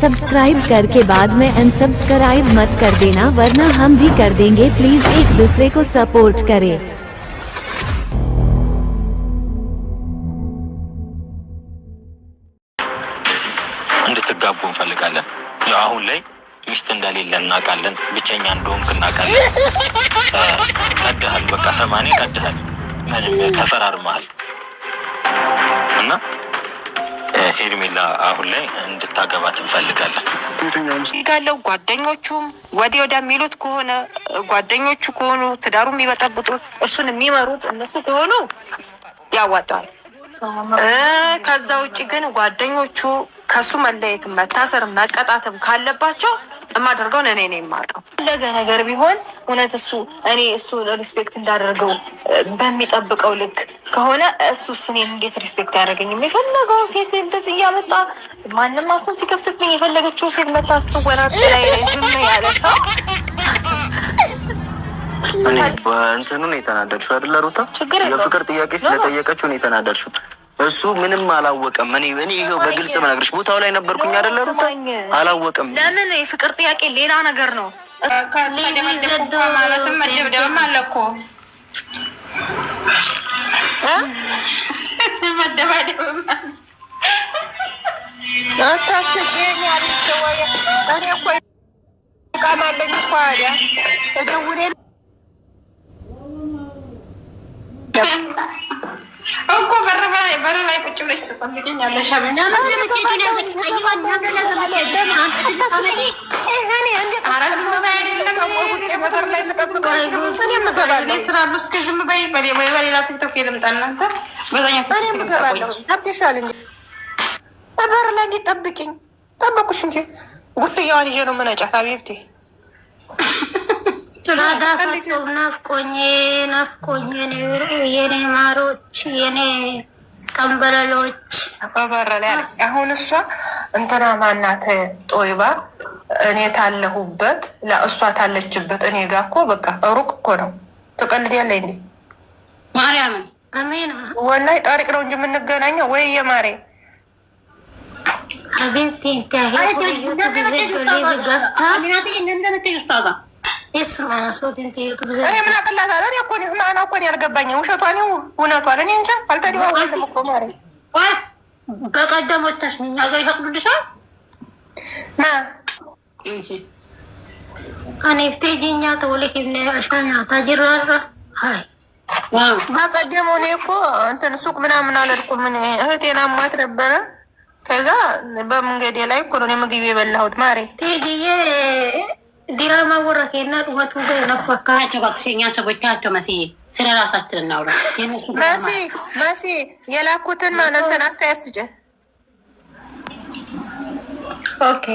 सब्सक्राइब करके बाद में अनसब्सक्राइब मत कर देना वरना हम भी कर देंगे प्लीज एक दूसरे को सपोर्ट करें እንድትጋቡ እንፈልጋለን። አሁን ላይ ሚስት እንደሌለ እናውቃለን። ብቸኛ እንደሆንክ እናውቃለን። ቀድሃል፣ በቃ ሰማኔ ቀድሃል። ምንም ተፈራርመሃል እና ሄርሜላ አሁን ላይ እንድታገባት እንፈልጋለን። ጋለው ጓደኞቹም ወዲህ ወዲያ የሚሉት ከሆነ ጓደኞቹ ከሆኑ ትዳሩ የሚበጠብጡ እሱን የሚመሩት እነሱ ከሆኑ ያዋጣል። ከዛ ውጭ ግን ጓደኞቹ ከሱ መለየት መታሰር መቀጣትም ካለባቸው የማደርገውን እኔ ነው የማውቀው። ፈለገ ነገር ቢሆን እውነት እሱ እኔ እሱ ሪስፔክት እንዳደርገው በሚጠብቀው ልክ ከሆነ እሱስ እኔን እንዴት ሪስፔክት አያደርገኝም? የፈለገው ሴት እንደዚህ እያመጣ ማንም አፉን ሲከፍትብኝ የፈለገችው ሴት መታ ስትወራጭ ላይ ዝም ያለ ሰው እንትኑን የተናደድሽው አይደለ ሩታ? የፍቅር ጥያቄ ስለጠየቀችው ነው የተናደድሽው። እሱ ምንም አላወቀም። እኔ እኔ ይሄው በግልጽ መናገርሽ ቦታው ላይ ነበርኩኝ አይደለ አላወቀም። ለምን የፍቅር ጥያቄ ሌላ ነገር ነው። ማለትም መደብደብም አለ እኮ መደባደብም በር ላይ ቁጭ ብለሽ ትፈልገኛለሽ። ዝም በይ በሌላ ቲክቶክ ልምጣ። በር ላይ እንዴት ጠበቁሽ እንጂ ጉፍያዋን ይዤ ነው የምነጫት። አቤብቴ ናፍቆኝ ናፍቆኝ የኔ ማሮች የኔ ቀንበረሎች አባባራ ላይ አለች። አሁን እሷ እንትና ማናት ጦይባ እኔ ታለሁበት ለእሷ ታለችበት እኔ ጋ እኮ በቃ ሩቅ እኮ ነው። ትቀልድ ያለ እንዴ ማርያምን አሜን። ወላይ ጣሪቅ ነው እንጂ የምንገናኘው ወይ የማሬ አቤት ተሄ ሄ ዩቱብ ዘ ሊብ ገፍታ እኔ ምን አቅላታለሁ? እኔ እኮ ማና እኮ አልገባኝም። ውሸቷ ነው እውነቷ? እኔ እንጃ አልተደዋወልንም እኮ ማርያም። በቀደም ወታሽ እኛ ጋር ይፈቅዱልሻል። በቀደም እኔ እኮ እንትን ሱቅ ምናምን አልሄድኩም። እኔ እህቴን አሟት ነበረ። ከዛ በመንገዴ ላይ እኮ ነው እኔ ምግብ የበላሁት ማርያም ዲራማ ወረቴና ወቱ ነፋካቸው ባክሽኛ ሰቦቻቸው መሲ ስለ ራሳችን እናውራ። መሲ መሲ የላኩትን ማለትን አስተያየት ስጭ። ኦኬ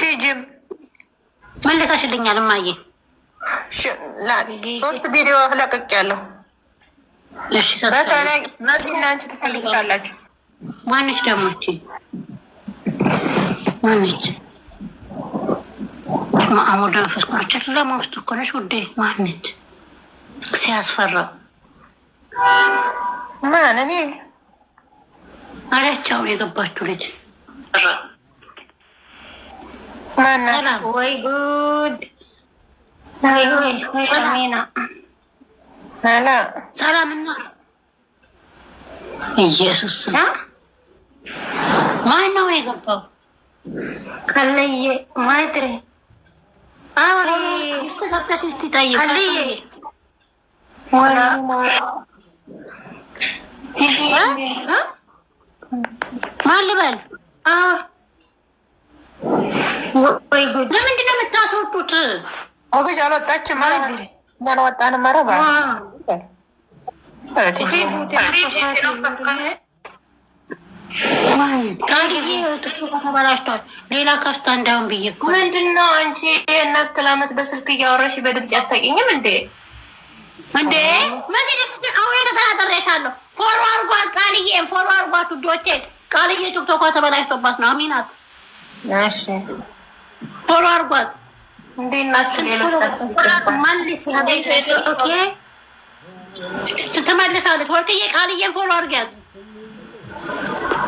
ቲጂም ምን ልታሽልኛል? እማዬ ሶስት ቪዲዮ ለቅቄያለሁ። በተለይ መሲ እና አንቺ ትፈልጋላችሁ። ማነች ደግሞ ማነች? አብ ወልድ መንፈስ ቅዱስ ጨለማ ውስጥ እኮ ነሽ ውዴ። ማንት ሲያስፈራው ማን እኔ አለች። የገባችሁ ልጅ ወይ ጉድ! ሰላም እና ኢየሱስ ማን ነው የገባው? ከለየ ማድሬ Ay, kapkasin tayo. Ali. Wala. Sige. Ha? Ha? Mahal naman. Ah. ወይ ጉድ! ለምንድን ነው የምታስወጡት? ሞገስ አልወጣችም ማለት እንዳልወጣን መረባ ተበላሽቷል። ሌላ ከፍታ እንዳሁን ብዬ ምንድን ነው አንቺ ይህን ያክል አመት በስልክ እያወራሽ በድምፅ አታውቂኝም እንዴ? እንዴ መግድፍትን አሁን ተጠራጠሬሻለሁ። ፎሎ አርጓት ቃልዬን፣ ፎሎ አርጓት ውዶቼ። ቃልዬ ቲክቶኳ ተበላሽቶባት ነው። አሚናት ፎሎ አርጓት። እንዴት ናቸው ትመልሳለች። ወርቅዬ ቃልዬን ፎሎ አርጊያት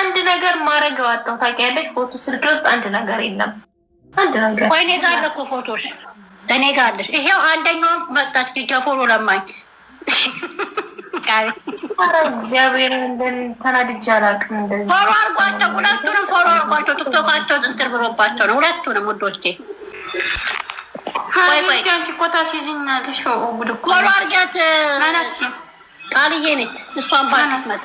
አንድ ነገር ማድረግ ዋጣው ታውቂያለሽ። ፎቶ ስልክ ውስጥ አንድ ነገር የለም። አንድ ነገር ወይ እኔ ጋር እኮ ፎቶሽ እኔ ጋር አለሽ። ይሄው አንደኛው መጣች ጊጋ ፎሎ ለማኝ እግዚአብሔር እንደን ተናድጄ አላውቅም። እንደዚህ ፎሎ አርጓቸው፣ ሁለቱንም ፎሎ አድርጓቸው። ቲክቶካቸው እንትን ብሎባቸው ነው ሁለቱንም ውዶቼ አንቺ እኮ ታስይዝኛለሽ። ጉድ እኮ ፎሎ አድርጊያት ቃልዬ ነች እሷን ባናት መጣ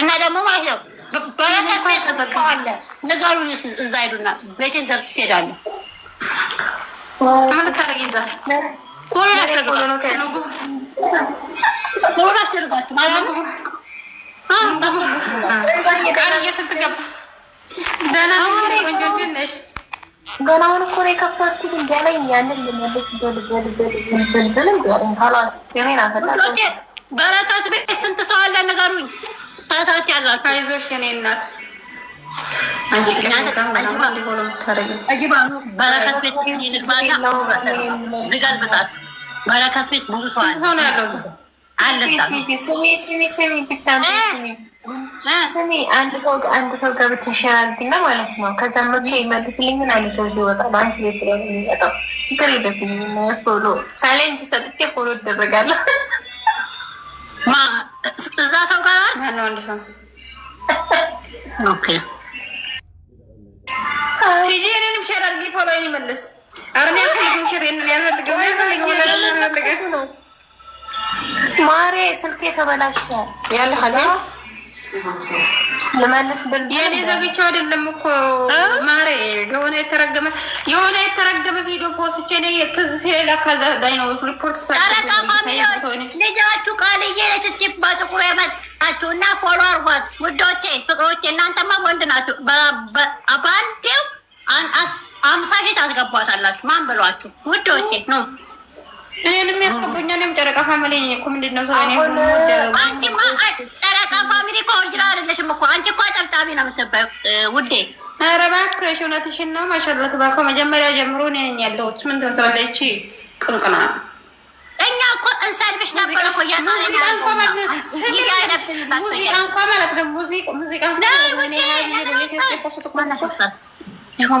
እና ደግሞ ማለት ነው በረከት ነገሩ እዛ ሄዱና ቤቴን ዘርት ትሄዳለ በረከት ቤት ስንት ሰው አለ ንገሩኝ። ታታች ያላችሁ አይዞሽ የኔ እናት በረከት ቤት ብዙ ሰው አንድ ሰው አንድ ሰው ገብቼ ሸራርግና ማለት ነው። ከዛ መቶ ይመልስልኝን አለ ከዚህ ወጣ በአንቺ ቤት ስለሆነ ችግር የለብኝም። ፎሎ ቻሌንጅ ሰጥቼ ፎሎ እደረጋለሁ። እዛ ሰው ጋር ማነው? አንድ ሰው ኦኬ። ቲጂ እኔንም ሼር አድርጊ፣ ፎሎ ይመልስ። ሼር ያልፈልገው ያልፈልገው ማሬ ስልኬ ተበላሸ ያለ የኔ ዘግቼው አይደለም እኮ ማሬ፣ የሆነ የተረገመ የሆነ የተረገመ ቪዲዮ ፖስቼ እኔ ትዝ ሲለኝ ለካ ነው ሪፖርት ልጃችሁ ቃልዬ ለችችባ ጥቁር የመጣችሁ እና ፎሎ አርጓት ውዶቼ፣ ፍቅሮቼ፣ እናንተማ ወንድ ናችሁ። በአንዴው አምሳ ፊት አስገቧታላችሁ። ማን ብሏችሁ ውዶቼ ነው እኔ ልም ያስገቡኛ ም ጨረቃ ፋሚሊ እኮ ምንድን ነው ሰው አንቺማ ጨረቃ ፋሚሊ እኮ ኦሪጂናል አይደለሽም እኮ አንቺ እኮ አጨብጣቢ ነው የምትባይው ውዴ ኧረ እባክሽ እውነትሽን ነው ማሻላ ተባርኮ መጀመሪያ ጀምሮ እኔ ነኝ ያለሁት ምን ትመስላለች ቅንቅና እኛ እኮ እንሰልብሽ ነበር እኮ ሙዚቃ እንኳ ማለት ሙዚቃ እንኳ ማለት ነው ሙዚቃ ሙዚቃ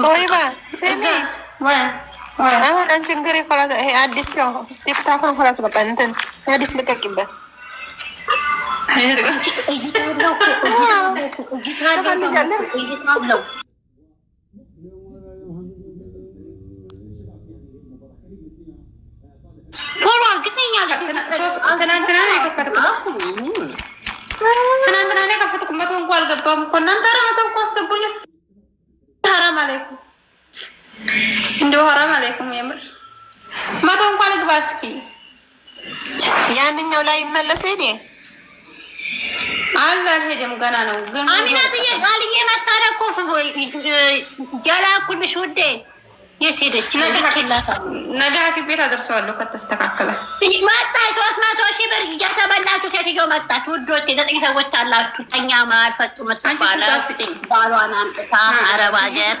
ቆይባ ስሚ Ah, anjing kiri kalau ada eh, hadis yo tip telepon kalau saya penten hadis dekat kiba ትናንትና ላይ ከፈትኩበት እንኳ አልገባም እኮ እናንተ ሀራም አታውቁ አስገቡኝ ሀራም አለይኩም እንደው ሀራም አለይኩም የምር መቶ እንኳን ግባ እስኪ ያንኛው ላይ ይመለስ። ሄዴ አለ አልሄድም ገና ነው። ግን አሚናትዬ ቃልዬ መታረኮ ጀላኩልሽ ውዴ የት ሄደች? ነገ ሐኪም ቤት አደርሰዋለሁ ከተስተካከለ። መጣች ሶስት መቶ ሺህ ብር እያተበላችሁ ሴትዮው መጣች። ውዶች ዘጠኝ ሰዎች አላችሁ። ተኛ ማል ፈጡ ምትባለ ባሏን አምጥታ አረብ አገር